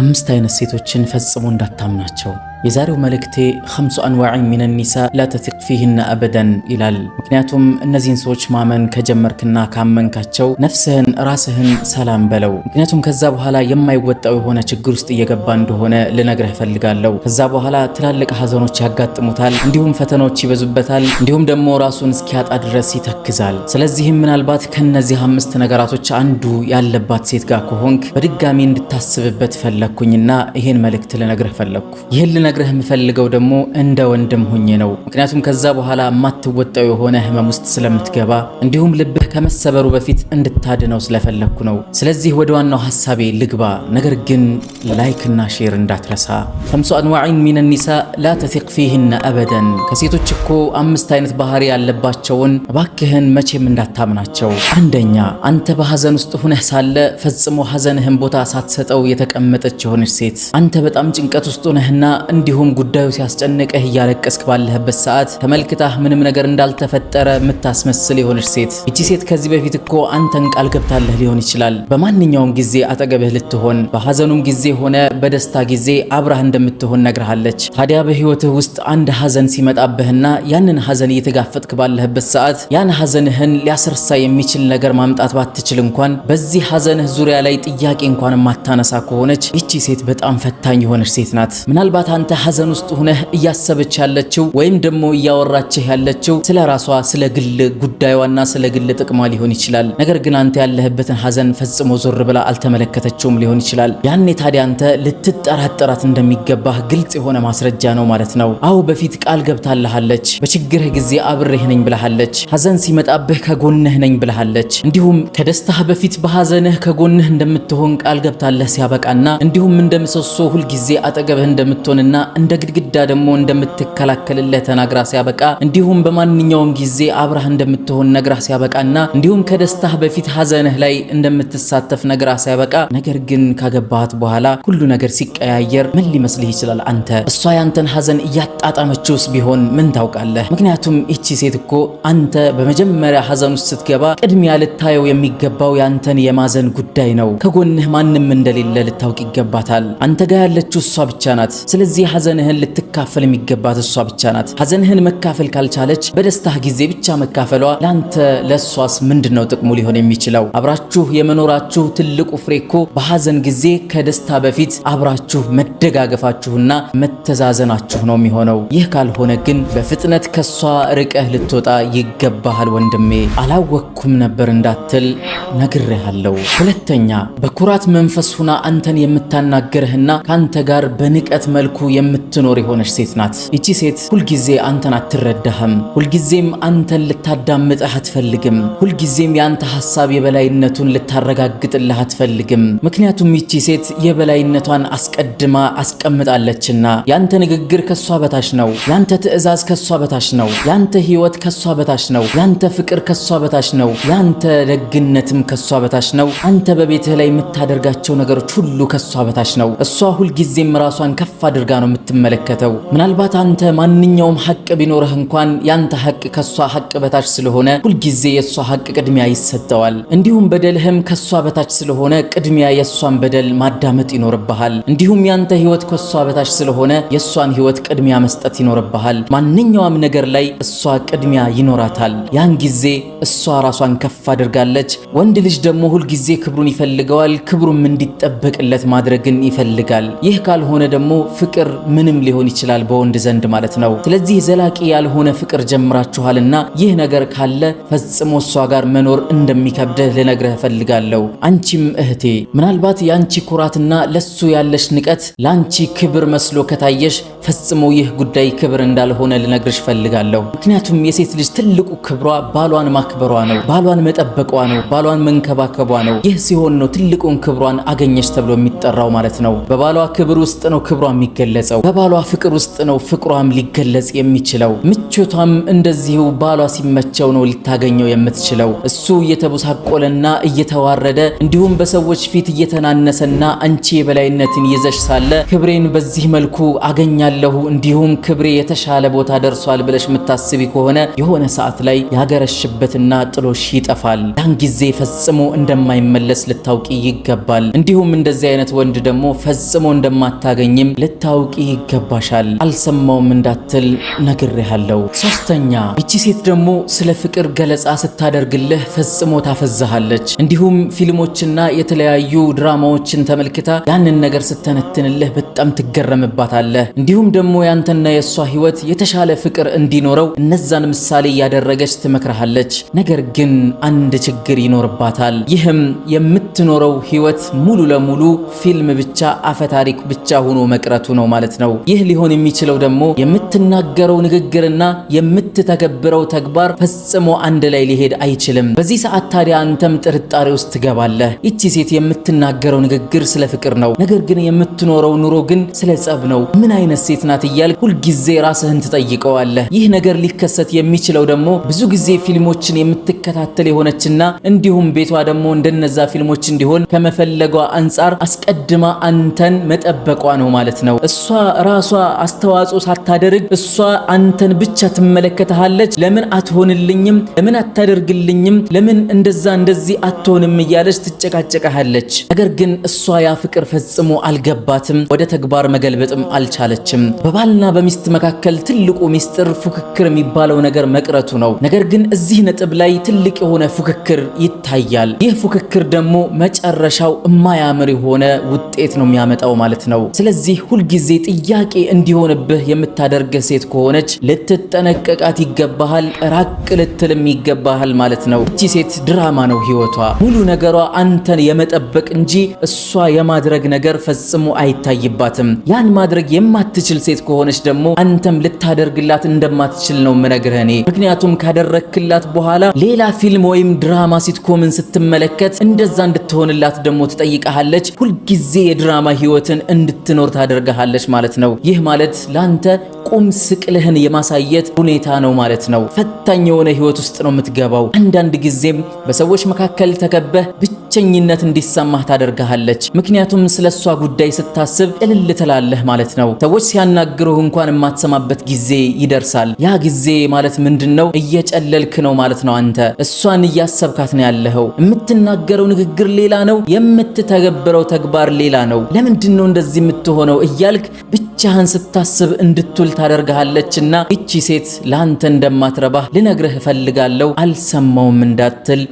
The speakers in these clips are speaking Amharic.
አምስት አይነት ሴቶችን ፈጽሞ እንዳታምናቸው። የዛሬው መልእክቴ ከምሱ አንዋዕ ሚን ኒሳ ላተቲቅ ፊህና አበደን ይላል። ምክንያቱም እነዚህን ሰዎች ማመን ከጀመርክና ካመንካቸው ነፍስህን ራስህን ሰላም በለው። ምክንያቱም ከዛ በኋላ የማይወጣው የሆነ ችግር ውስጥ እየገባ እንደሆነ ልነግርህ እፈልጋለሁ። ከዛ በኋላ ትላልቅ ሀዘኖች ያጋጥሙታል፣ እንዲሁም ፈተናዎች ይበዙበታል፣ እንዲሁም ደግሞ ራሱን እስኪያጣ ድረስ ይተክዛል። ስለዚህም ምናልባት ከነዚህ አምስት ነገራቶች አንዱ ያለባት ሴት ጋር ከሆንክ በድጋሚ እንድታስብበት ፈለግኩኝና ይህን መልእክት ልነግርህ ፈለግኩ። ይህን ልነግርህ የምፈልገው ደግሞ እንደ ወንድም ሁኜ ነው። ምክንያቱም ከዛ በኋላ የማትወጣው የሆነ ህመም ውስጥ ስለምትገባ እንዲሁም ልብህ ከመሰበሩ በፊት እንድታድነው ስለፈለግኩ ነው። ስለዚህ ወደ ዋናው ሀሳቤ ልግባ። ነገር ግን ላይክና ሼር እንዳትረሳ። ከምሶ አንዋዒን ሚን ኒሳ ላ ተቲቅ ፊህና አበደን። ከሴቶች እኮ አምስት አይነት ባህሪ ያለባቸውን እባክህን መቼም እንዳታምናቸው። አንደኛ አንተ በሐዘን ውስጥ ሁነህ ሳለ ፈጽሞ ሐዘንህን ቦታ ሳትሰጠው የተቀመጠች የሆነች ሴት አንተ በጣም ጭንቀት ውስጥ ሁነህና እንዲሁም ጉዳዩ ሲያስጨንቀህ እያለቀስክ ባለህበት ሰዓት ተመልክታህ ምንም ነገር እንዳልተፈጠረ የምታስመስል የሆነች ሴት። እቺ ሴት ከዚህ በፊት እኮ አንተን ቃል ገብታለህ ሊሆን ይችላል በማንኛውም ጊዜ አጠገብህ ልትሆን፣ በሐዘኑም ጊዜ ሆነ በደስታ ጊዜ አብራህ እንደምትሆን ነግርሃለች። ታዲያ በህይወትህ ውስጥ አንድ ሐዘን ሲመጣብህና ያንን ሐዘን እየተጋፈጥክ ባለህበት ሰዓት ያን ሐዘንህን ሊያስረሳ የሚችል ነገር ማምጣት ባትችል እንኳን በዚህ ሐዘንህ ዙሪያ ላይ ጥያቄ እንኳን የማታነሳ ከሆነች ይቺ ሴት በጣም ፈታኝ የሆነች ሴት ናት። ምናልባት አንተ ሀዘን ውስጥ ሁነህ እያሰበች ያለችው ወይም ደግሞ እያወራችህ ያለችው ስለ ራሷ ስለ ግል ጉዳዩና ስለ ግል ጥቅሟ ሊሆን ይችላል። ነገር ግን አንተ ያለህበትን ሀዘን ፈጽሞ ዞር ብላ አልተመለከተችውም ሊሆን ይችላል። ያኔ ታዲያ አንተ ልትጠራጠራት እንደሚገባህ ግልጽ የሆነ ማስረጃ ነው ማለት ነው። አዎ በፊት ቃል ገብታልሃለች። በችግርህ ጊዜ አብሬህ ነኝ ብለሃለች፣ ሀዘን ሲመጣብህ ከጎንህ ነኝ ብለሃለች፣ እንዲሁም ከደስታህ በፊት በሀዘንህ ከጎንህ እንደምትሆን ቃል ገብታለህ ሲያበቃና እንዲሁም እንደምሰሶ ሁልጊዜ አጠገብህ እንደምትሆንና እንደምትሆንና እንደ ግድግዳ ደግሞ እንደምትከላከልለት ተናግራ ሲያበቃ እንዲሁም በማንኛውም ጊዜ አብራህ እንደምትሆን ነግራ ሲያበቃና እንዲሁም ከደስታህ በፊት ሀዘንህ ላይ እንደምትሳተፍ ነግራ ሲያበቃ፣ ነገር ግን ካገባሃት በኋላ ሁሉ ነገር ሲቀያየር ምን ሊመስልህ ይችላል? አንተ እሷ ያንተን ሀዘን እያጣጣመችውስ ቢሆን ምን ታውቃለህ? ምክንያቱም ይቺ ሴት እኮ አንተ በመጀመሪያ ሀዘን ውስጥ ስትገባ ቅድሚያ ልታየው የሚገባው ያንተን የማዘን ጉዳይ ነው። ከጎንህ ማንም እንደሌለ ልታውቅ ይገባታል። አንተ ጋር ያለችው እሷ ብቻ ናት። ስለዚህ ሐዘንህን ልትካፈል የሚገባት እሷ ብቻ ናት። ሐዘንህን መካፈል ካልቻለች በደስታህ ጊዜ ብቻ መካፈሏ ለአንተ ለእሷስ ምንድን ነው ጥቅሙ ሊሆን የሚችለው? አብራችሁ የመኖራችሁ ትልቁ ፍሬ እኮ በሐዘን ጊዜ ከደስታ በፊት አብራችሁ መደጋገፋችሁና መተዛዘናችሁ ነው የሚሆነው። ይህ ካልሆነ ግን በፍጥነት ከሷ ርቀህ ልትወጣ ይገባሃል ወንድሜ። አላወቅኩም ነበር እንዳትል ነግሬሃለሁ። ሁለተኛ በኩራት መንፈስ ሁና አንተን የምታናገርህና ከአንተ ጋር በንቀት መልኩ የምትኖር የሆነች ሴት ናት። ይቺ ሴት ሁልጊዜ አንተን አትረዳህም። ሁልጊዜም አንተን ልታዳምጥህ አትፈልግም። ሁልጊዜም የአንተ ሀሳብ የበላይነቱን ልታረጋግጥልህ አትፈልግም። ምክንያቱም ይቺ ሴት የበላይነቷን አስቀድማ አስቀምጣለችና ያንተ ንግግር ከሷ በታች ነው። ያንተ ትዕዛዝ ከሷ በታች ነው። ያንተ ህይወት ከሷ በታች ነው። ያንተ ፍቅር ከሷ በታች ነው። ያንተ ደግነትም ከሷ በታች ነው። አንተ በቤትህ ላይ የምታደርጋቸው ነገሮች ሁሉ ከሷ በታች ነው። እሷ ሁልጊዜም ራሷን ከፍ አድርጋ ነው ነው የምትመለከተው። ምናልባት አንተ ማንኛውም ሀቅ ቢኖርህ እንኳን ያንተ ሀቅ ከሷ ሀቅ በታች ስለሆነ ሁልጊዜ የሷ ሀቅ ቅድሚያ ይሰጠዋል። እንዲሁም በደልህም ከሷ በታች ስለሆነ ቅድሚያ የሷን በደል ማዳመጥ ይኖርብሃል። እንዲሁም ያንተ ህይወት ከሷ በታች ስለሆነ የእሷን ህይወት ቅድሚያ መስጠት ይኖርብሃል። ማንኛውም ነገር ላይ እሷ ቅድሚያ ይኖራታል። ያን ጊዜ እሷ ራሷን ከፍ አድርጋለች። ወንድ ልጅ ደግሞ ሁልጊዜ ክብሩን ይፈልገዋል። ክብሩም እንዲጠበቅለት ማድረግን ይፈልጋል። ይህ ካልሆነ ደግሞ ፍቅር ምንም ሊሆን ይችላል በወንድ ዘንድ ማለት ነው። ስለዚህ ዘላቂ ያልሆነ ፍቅር ጀምራችኋልና ይህ ነገር ካለ ፈጽሞ እሷ ጋር መኖር እንደሚከብድህ ልነግርህ እፈልጋለሁ። አንቺም እህቴ ምናልባት የአንቺ ኩራትና ለሱ ያለሽ ንቀት ለአንቺ ክብር መስሎ ከታየሽ ፈጽሞ ይህ ጉዳይ ክብር እንዳልሆነ ልነግርሽ እፈልጋለሁ። ምክንያቱም የሴት ልጅ ትልቁ ክብሯ ባሏን ማክበሯ ነው፣ ባሏን መጠበቋ ነው፣ ባሏን መንከባከቧ ነው። ይህ ሲሆን ነው ትልቁን ክብሯን አገኘች ተብሎ የሚጠራው ማለት ነው። በባሏ ክብር ውስጥ ነው ክብሯ የሚገለጽ የሚገለጸው። በባሏ ፍቅር ውስጥ ነው ፍቅሯም ሊገለጽ የሚችለው። ምቾቷም እንደዚሁ ባሏ ሲመቸው ነው ልታገኘው የምትችለው። እሱ እየተቦሳቆለና እየተዋረደ እንዲሁም በሰዎች ፊት እየተናነሰና አንቺ የበላይነትን ይዘሽ ሳለ ክብሬን በዚህ መልኩ አገኛለሁ እንዲሁም ክብሬ የተሻለ ቦታ ደርሷል ብለሽ የምታስቢ ከሆነ የሆነ ሰዓት ላይ ያገረሽበትና ጥሎሽ ይጠፋል። ያን ጊዜ ፈጽሞ እንደማይመለስ ልታውቂ ይገባል። እንዲሁም እንደዚህ አይነት ወንድ ደግሞ ፈጽሞ እንደማታገኝም ልታውቂ ልታውቂ ይገባሻል። አልሰማውም እንዳትል ነግሬሃለሁ። ሶስተኛ ይቺ ሴት ደግሞ ስለ ፍቅር ገለጻ ስታደርግልህ ፈጽሞ ታፈዛሃለች። እንዲሁም ፊልሞችና የተለያዩ ድራማዎችን ተመልክታ ያንን ነገር ስትነትንልህ በጣም ትገረምባታለህ። እንዲሁም ደግሞ ያንተና የእሷ ህይወት የተሻለ ፍቅር እንዲኖረው እነዛን ምሳሌ እያደረገች ትመክርሃለች። ነገር ግን አንድ ችግር ይኖርባታል። ይህም የምትኖረው ህይወት ሙሉ ለሙሉ ፊልም ብቻ፣ አፈታሪክ ብቻ ሆኖ መቅረቱ ነው። ማለት ነው። ይህ ሊሆን የሚችለው ደግሞ የምትናገረው ንግግርና የምትተገብረው ተግባር ፈጽሞ አንድ ላይ ሊሄድ አይችልም። በዚህ ሰዓት ታዲያ አንተም ጥርጣሬ ውስጥ ትገባለህ። ይቺ ሴት የምትናገረው ንግግር ስለ ፍቅር ነው፣ ነገር ግን የምትኖረው ኑሮ ግን ስለ ጸብ ነው። ምን አይነት ሴት ናት እያልክ ሁልጊዜ ራስህን ትጠይቀዋለህ። ይህ ነገር ሊከሰት የሚችለው ደግሞ ብዙ ጊዜ ፊልሞችን የምትከታተል የሆነችና እንዲሁም ቤቷ ደግሞ እንደነዛ ፊልሞች እንዲሆን ከመፈለጓ አንጻር አስቀድማ አንተን መጠበቋ ነው ማለት ነው። እሱ እሷ ራሷ አስተዋጽኦ ሳታደርግ እሷ አንተን ብቻ ትመለከትሃለች። ለምን አትሆንልኝም? ለምን አታደርግልኝም? ለምን እንደዛ እንደዚህ አትሆንም? እያለች ትጨቃጨቀሃለች። ነገር ግን እሷ ያ ፍቅር ፈጽሞ አልገባትም፣ ወደ ተግባር መገልበጥም አልቻለችም። በባልና በሚስት መካከል ትልቁ ሚስጥር ፉክክር የሚባለው ነገር መቅረቱ ነው። ነገር ግን እዚህ ነጥብ ላይ ትልቅ የሆነ ፉክክር ይታያል። ይህ ፉክክር ደግሞ መጨረሻው የማያምር የሆነ ውጤት ነው የሚያመጣው ማለት ነው። ስለዚህ ሁልጊዜ ጥያቄ እንዲሆንብህ የምታደርገ ሴት ከሆነች ልትጠነቀቃት ይገባሃል፣ ራቅ ልትልም ይገባሃል ማለት ነው። እቺ ሴት ድራማ ነው ህይወቷ። ሙሉ ነገሯ አንተን የመጠበቅ እንጂ እሷ የማድረግ ነገር ፈጽሞ አይታይባትም። ያን ማድረግ የማትችል ሴት ከሆነች ደግሞ አንተም ልታደርግላት እንደማትችል ነው ምነግርህ እኔ። ምክንያቱም ካደረግክላት በኋላ ሌላ ፊልም ወይም ድራማ ሲትኮምን ስትመለከት እንደዛ እንድትሆንላት ደግሞ ትጠይቀሃለች። ሁልጊዜ የድራማ ህይወትን እንድትኖር ታደርግሃለች ማለት ነው። ይህ ማለት ላንተ ቁም ስቅልህን የማሳየት ሁኔታ ነው ማለት ነው። ፈታኝ የሆነ ህይወት ውስጥ ነው የምትገባው። አንዳንድ ጊዜም በሰዎች መካከል ተከበህ ብቸኝነት እንዲሰማህ ታደርግሃለች። ምክንያቱም ስለ እሷ ጉዳይ ስታስብ እልል ትላለህ ማለት ነው። ሰዎች ሲያናግሩህ እንኳን የማትሰማበት ጊዜ ይደርሳል። ያ ጊዜ ማለት ምንድን ነው? እየጨለልክ ነው ማለት ነው። አንተ እሷን እያሰብካት ነው ያለኸው። የምትናገረው ንግግር ሌላ ነው፣ የምትተገብረው ተግባር ሌላ ነው። ለምንድን ነው እንደዚህ የምትሆነው እያልክ ብቻህን ስታስብ እንድትውል ታደርግሃለችና እቺ ሴት ለአንተ እንደማትረባህ ልነግርህ እፈልጋለሁ፣ አልሰማውም እንዳትል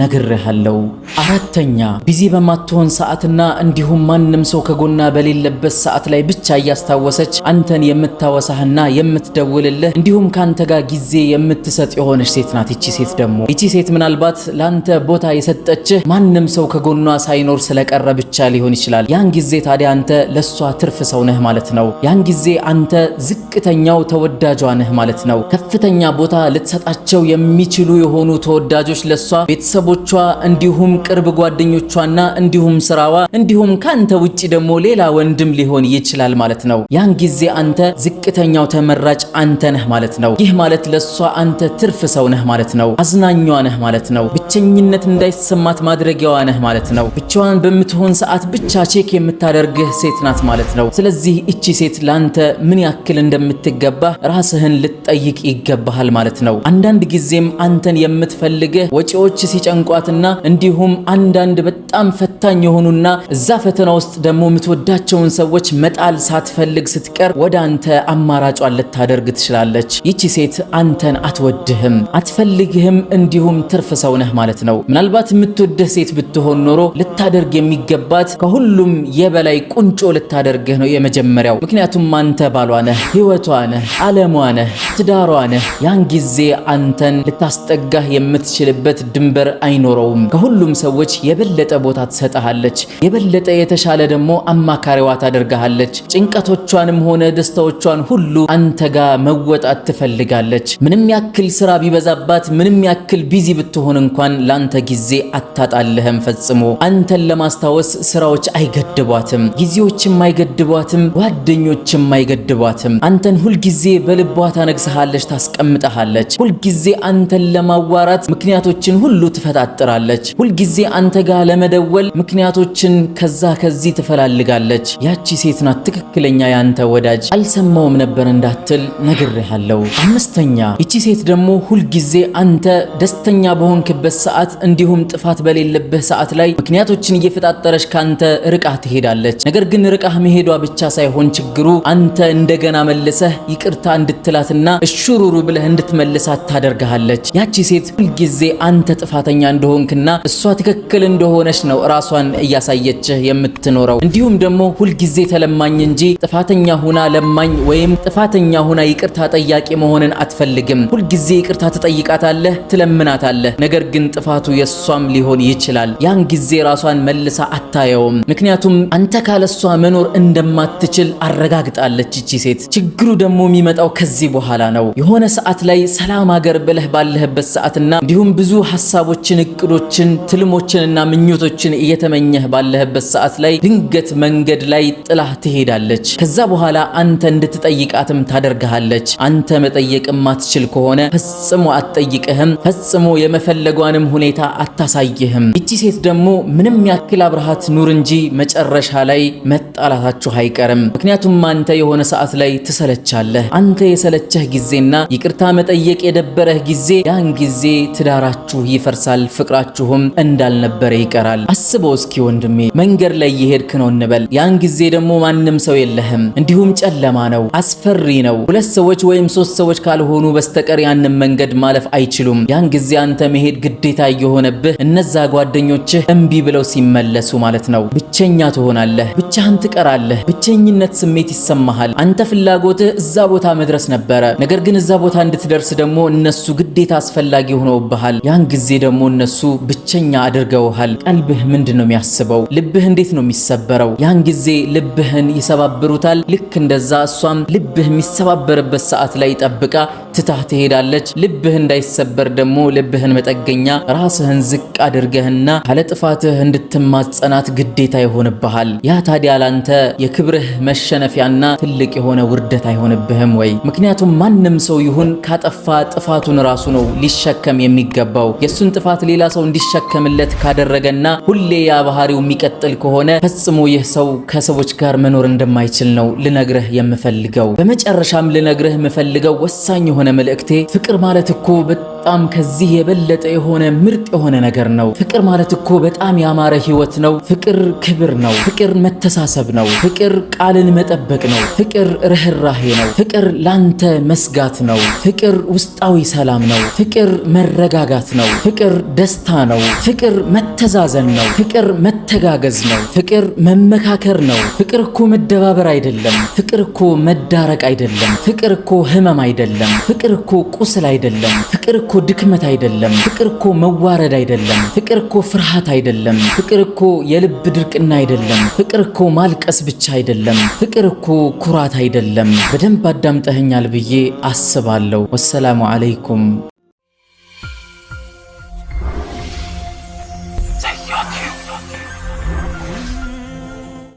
ነግርሃለሁ። አራተኛ ቢዚ በማትሆን ሰዓትና እንዲሁም ማንም ሰው ከጎና በሌለበት ሰዓት ላይ ብቻ እያስታወሰች አንተን የምታወሳህና የምትደውልልህ እንዲሁም ከአንተ ጋር ጊዜ የምትሰጥ የሆነች ሴት ናት። ይቺ ሴት ደግሞ ይቺ ሴት ምናልባት ለአንተ ቦታ የሰጠችህ ማንም ሰው ከጎኗ ሳይኖር ስለቀረ ብቻ ሊሆን ይችላል። ያን ጊዜ ታዲያ አንተ ለእሷ ትርፍ ሰው ነህ ማለት ነው። ያን ጊዜ አንተ ዝቅተኛው ተወዳጇ ነህ ማለት ነው። ከፍተኛ ቦታ ልትሰጣቸው የሚችሉ የሆኑ ተወዳጆች ለሷ ቤተሰቦቿ፣ እንዲሁም ቅርብ ጓደኞቿና እንዲሁም ስራዋ እንዲሁም ካንተ ውጪ ደግሞ ሌላ ወንድም ሊሆን ይችላል ማለት ነው። ያን ጊዜ አንተ ዝቅተኛው ተመራጭ አንተ ነህ ማለት ነው። ይህ ማለት ለሷ አንተ ትርፍ ሰው ነህ ማለት ነው። አዝናኛዋ ነህ ማለት ነው። ብቸኝነት እንዳይሰማት ማድረጊያዋ ነህ ማለት ነው። ብቻዋን በምትሆን ሰዓት ብቻ ቼክ የምታደርግህ ሴት ናት ማለት ነው። ስለዚህ እቺ ሴት ላንተ ምን ያክል እንደምትገባ ራስህን ልትጠይቅ ይገባሃል ማለት ነው። አንዳንድ ጊዜም አንተን የምትፈልግህ ወጪዎች ሲጨንቋትና እንዲሁም አንዳንድ በጣም ፈታኝ የሆኑና እዛ ፈተና ውስጥ ደግሞ የምትወዳቸውን ሰዎች መጣል ሳትፈልግ ስትቀር ወደ አንተ አማራጯን ልታደርግ ትችላለች። ይቺ ሴት አንተን አትወድህም፣ አትፈልግህም፣ እንዲሁም ትርፍ ሰው ነህ ማለት ነው። ምናልባት የምትወድህ ሴት ብትሆን ኖሮ ልታደርግ የሚገባት ከሁሉም የበላይ ቁንጮ ልታደርግህ ነው የመጀመሪያው ምክንያቱም አንተ ባሏ ነህ፣ ህይወቷ ነህ፣ ዓለሟ ነህ፣ ትዳሯ ነህ። ያን ጊዜ አንተን ልታስጠጋህ የምትችልበት ድንበር አይኖረውም። ከሁሉም ሰዎች የበለጠ ቦታ ትሰጠሃለች፣ የበለጠ የተሻለ ደግሞ አማካሪዋ ታደርግሃለች። ጭንቀቶቿንም ሆነ ደስታዎቿን ሁሉ አንተ ጋር መወጣት ትፈልጋለች። ምንም ያክል ስራ ቢበዛባት፣ ምንም ያክል ቢዚ ብትሆን እንኳን ለአንተ ጊዜ አታጣልህም። ፈጽሞ አንተን ለማስታወስ ስራዎች አይገድቧትም፣ ጊዜዎችም አይገድቧትም። ጓደኛ ጓደኞችም አይገድቧትም። አንተን ሁልጊዜ በልቧ ታነግስሃለች፣ ታስቀምጠሃለች። ሁልጊዜ አንተን ለማዋራት ምክንያቶችን ሁሉ ትፈጣጥራለች። ሁልጊዜ አንተ ጋር ለመደወል ምክንያቶችን ከዛ ከዚህ ትፈላልጋለች። ያቺ ሴት ናት ትክክለኛ ያንተ ወዳጅ። አልሰማውም ነበር እንዳትል ነግሬሃለሁ። አምስተኛ ይቺ ሴት ደግሞ ሁልጊዜ አንተ ደስተኛ በሆንክበት ሰዓት እንዲሁም ጥፋት በሌለበት ሰዓት ላይ ምክንያቶችን እየፈጣጠረች ካንተ ርቃ ትሄዳለች። ነገር ግን ርቃህ መሄዷ ብቻ ሳይሆን ችግር ሲያስቸግሩ አንተ እንደገና መልሰህ ይቅርታ እንድትላትና እሹሩሩ ብለህ እንድትመልሳት ታደርግሃለች። ያቺ ሴት ሁልጊዜ አንተ ጥፋተኛ እንደሆንክና እሷ ትክክል እንደሆነች ነው ራሷን እያሳየችህ የምትኖረው። እንዲሁም ደግሞ ሁልጊዜ ተለማኝ እንጂ ጥፋተኛ ሁና ለማኝ ወይም ጥፋተኛ ሁና ይቅርታ ጠያቂ መሆንን አትፈልግም። ሁልጊዜ ይቅርታ ትጠይቃታለህ፣ ትለምናታለህ። ነገር ግን ጥፋቱ የእሷም ሊሆን ይችላል። ያን ጊዜ ራሷን መልሳ አታየውም። ምክንያቱም አንተ ካለሷ መኖር እንደማትችል አረ አረጋግጣለች ይቺ ሴት። ችግሩ ደግሞ የሚመጣው ከዚህ በኋላ ነው። የሆነ ሰዓት ላይ ሰላም አገር ብለህ ባለህበት ሰዓትና እንዲሁም ብዙ ሀሳቦችን፣ እቅዶችን፣ ትልሞችንና ምኞቶችን እየተመኘህ ባለህበት ሰዓት ላይ ድንገት መንገድ ላይ ጥላህ ትሄዳለች። ከዛ በኋላ አንተ እንድትጠይቃትም ታደርግሃለች። አንተ መጠየቅ ማትችል ከሆነ ፈጽሞ አትጠይቅህም። ፈጽሞ የመፈለጓንም ሁኔታ አታሳይህም። ይቺ ሴት ደግሞ ምንም ያክል አብርሃት ኑር እንጂ መጨረሻ ላይ መጣላታችሁ አይቀርም። ምክንያቱም እንዲሁም አንተ የሆነ ሰዓት ላይ ትሰለቻለህ። አንተ የሰለቸህ ጊዜና ይቅርታ መጠየቅ የደበረህ ጊዜ፣ ያን ጊዜ ትዳራችሁ ይፈርሳል፣ ፍቅራችሁም እንዳልነበረ ይቀራል። አስበው እስኪ ወንድሜ፣ መንገድ ላይ የሄድክ ነው እንበል። ያን ጊዜ ደግሞ ማንም ሰው የለህም፣ እንዲሁም ጨለማ ነው፣ አስፈሪ ነው። ሁለት ሰዎች ወይም ሶስት ሰዎች ካልሆኑ በስተቀር ያንን መንገድ ማለፍ አይችሉም። ያን ጊዜ አንተ መሄድ ግዴታ እየሆነብህ እነዛ ጓደኞችህ እምቢ ብለው ሲመለሱ ማለት ነው። ብቸኛ ትሆናለህ፣ ብቻህን ትቀራለህ። ብቸኝነት ስሜት ስሜት ይሰማሃል። አንተ ፍላጎትህ እዛ ቦታ መድረስ ነበረ። ነገር ግን እዛ ቦታ እንድትደርስ ደግሞ እነሱ ግዴታ አስፈላጊ ሆነውብሃል። ያን ጊዜ ደግሞ እነሱ ብቸኛ አድርገውሃል። ቀልብህ ምንድን ነው የሚያስበው? ልብህ እንዴት ነው የሚሰበረው? ያን ጊዜ ልብህን ይሰባብሩታል። ልክ እንደዛ እሷም ልብህ የሚሰባበርበት ሰዓት ላይ ጠብቃ ትታህ ትሄዳለች። ልብህ እንዳይሰበር ደግሞ ልብህን መጠገኛ ራስህን ዝቅ አድርገህና ጥፋትህ እንድትማጸናት ግዴታ ይሆንብሃል። ያ ታዲያ ላንተ የክብርህ መሸነፊያና ትልቅ የሆነ ውርደት አይሆንብህም ወይ? ምክንያቱም ማንም ሰው ይሁን ካጠፋ ጥፋቱን ራሱ ነው ሊሸከም የሚገባው። የእሱን ጥፋት ሌላ ሰው እንዲሸከምለት ካደረገና ሁሌ ያ ባህሪው የሚቀጥል ከሆነ ፈጽሞ ይህ ሰው ከሰዎች ጋር መኖር እንደማይችል ነው ልነግርህ የምፈልገው። በመጨረሻም ልነግርህ የምፈልገው ወሳኝ የሆነ የሆነ መልእክቴ ፍቅር ማለት እኮ በጣም ከዚህ የበለጠ የሆነ ምርጥ የሆነ ነገር ነው። ፍቅር ማለት እኮ በጣም ያማረ ህይወት ነው። ፍቅር ክብር ነው። ፍቅር መተሳሰብ ነው። ፍቅር ቃልን መጠበቅ ነው። ፍቅር ርህራሄ ነው። ፍቅር ላንተ መስጋት ነው። ፍቅር ውስጣዊ ሰላም ነው። ፍቅር መረጋጋት ነው። ፍቅር ደስታ ነው። ፍቅር መተዛዘን ነው። ፍቅር መተጋገዝ ነው። ፍቅር መመካከር ነው። ፍቅር እኮ መደባበር አይደለም። ፍቅር እኮ መዳረቅ አይደለም። ፍቅር እኮ ህመም አይደለም። ፍቅር እኮ ቁስል አይደለም። ፍቅር እኮ ድክመት አይደለም። ፍቅር እኮ መዋረድ አይደለም። ፍቅር እኮ ፍርሃት አይደለም። ፍቅር እኮ የልብ ድርቅና አይደለም። ፍቅር እኮ ማልቀስ ብቻ አይደለም። ፍቅር እኮ ኩራት አይደለም። በደንብ አዳምጠኸኛል ብዬ አስባለሁ። ወሰላሙ አለይኩም